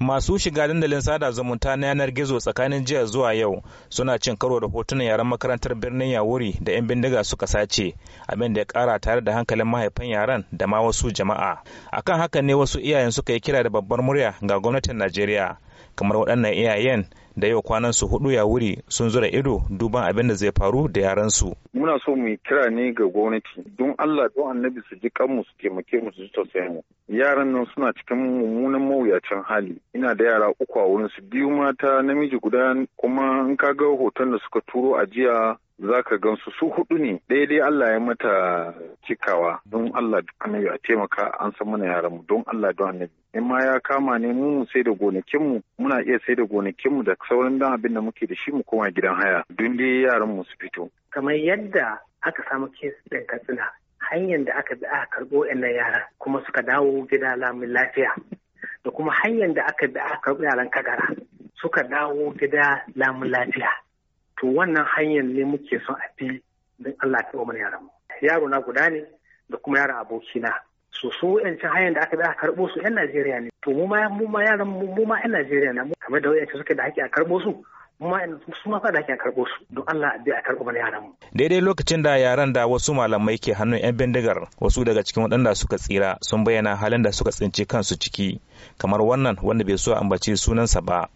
masu shiga dandalin sada zumunta na yanar gizo tsakanin jiya zuwa yau suna cin karo da hotunan yaren makarantar birnin yawuri da 'yan bindiga suka sace abin da ya kara tare da hankalin mahaifan yaran da ma wasu jama'a akan haka ne wasu iyayen suka yi kira da babbar murya ga gwamnatin najeriya kamar waɗannan iyayen da yau kwanan su hudu ya wuri sun zura ido duban abin da zai faru da yaran su. Muna so mu kira ne ga gwamnati don Allah don annabi su ji kanmu su taimake mu su ji tausayin mu. Yaran nan suna cikin mummunan mawuyacin hali. Ina da yara uku a wurin su biyu mata namiji guda kuma in ka ga hoton da suka turo a jiya zaka ka gansu su hudu ne Daidai Allah ya mata cikawa don Allah annabi a taimaka an san mana yaran mu don Allah don annabi in ma ya kama ne mu sai da gonakin mu muna iya sai da gonakin mu da sauran dan abin da muke da shi mu koma gidan haya don dai yaran mu su fito kamar yadda aka samu kes ɗin katsina hanyar da aka bi aka karɓo yaran kuma suka dawo gida lamin lafiya da kuma hanyar da aka bi aka karbo yaran kagara suka dawo gida lamun lafiya to wannan hanyar ne muke son a bi don Allah ta mana yaran mu yaro na guda ne da kuma yaran abokina so su yancin hanyar da aka bi a karɓo su yan Najeriya ne to mu ma yaran mu ma yan Najeriya ne kamar da wayancin suke da haƙƙi a karɓo su su ma haƙƙi a karɓo su don Allah a bi a karɓo mana yaran mu. Daidai lokacin da yaran da wasu malamai ke hannun 'yan bindigar wasu daga cikin waɗanda suka tsira sun bayyana halin da suka tsinci kansu ciki kamar wannan wanda bai so ambace sunansa ba.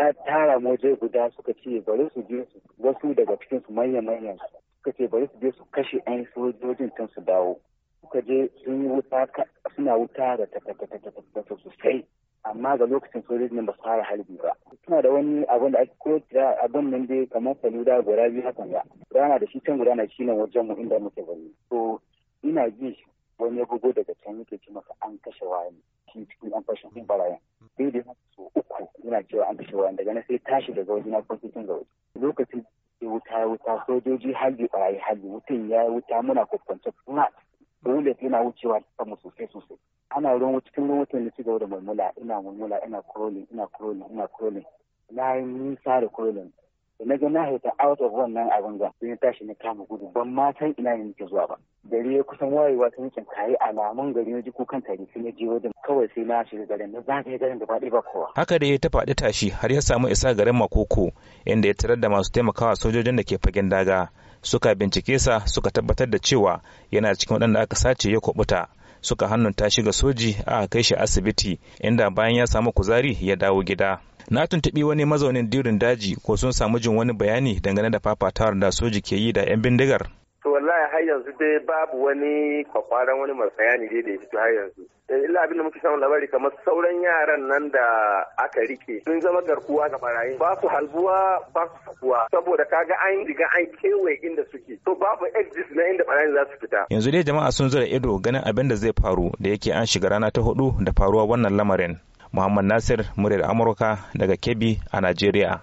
ta tara waje guda suka ce bari su je su wasu daga cikin su manya manyan suka ce bari su je su kashe yan sojojin can su dawo suka je sun yi wuta suna wuta da ta sosai amma ga lokacin sojojin ba su fara harbi ba suna da wani abin da ake ko nan dai kamar biyu hakan rana da shi can guda na shi nan wajen mu inda muke bari to ina ji wani ya bugo daga can yake ci maka an kashe wani shi cikin yan fashin barayin daga sai tashi daga wajen na cikin ga waje lokacin wuta wuta sojoji halbi barayi halbi mutum ya wuta muna kwakwance flat bullet yana wucewa ta mu sosai sosai ana ruwan wuta cikin ruwan wutan na cigaba da mulmula ina mulmula ina crawling ina crawling ina crawling na yi nisa da crawling da na ga na haita out of wannan abin ga sai na tashi na kama gudu ban ma san ina ne nake zuwa ba gari ya kusan wayewa ta yankin kayi alamun gari na jiko kukan tari na je wajen kawai sai na shiga garin na zagaye garin da faɗi ba kowa. Haka da ya ta faɗi tashi har ya samu isa garin Makoko inda ya tarar da masu taimakawa sojojin da ke fagen daga. Suka bincike sa suka tabbatar da cewa yana cikin waɗanda aka sace ya kubuta Suka hannun shi ga soji a kai shi asibiti inda bayan ya samu kuzari ya dawo gida. na tuntubi wani mazaunin dirin daji ko sun samu jin wani bayani dangane da fafatawar da soji ke yi da 'yan bindigar wallahi har yanzu dai babu wani kwakwaran wani masayani dai da ya fito har yanzu eh, illa abin da muke samun labari kamar sauran yaran nan da aka rike sun zama garkuwa ga barayi ba su halbuwa ba su sakuwa saboda kaga an riga an kewaye inda suke to babu exit na inda barayi za su fita yanzu dai jama'a sun zura ido ganin abin da zai faru da yake an shiga rana ta hudu da faruwa wannan lamarin Muhammad Nasir, muryar Amurka daga Kebbi a Najeriya.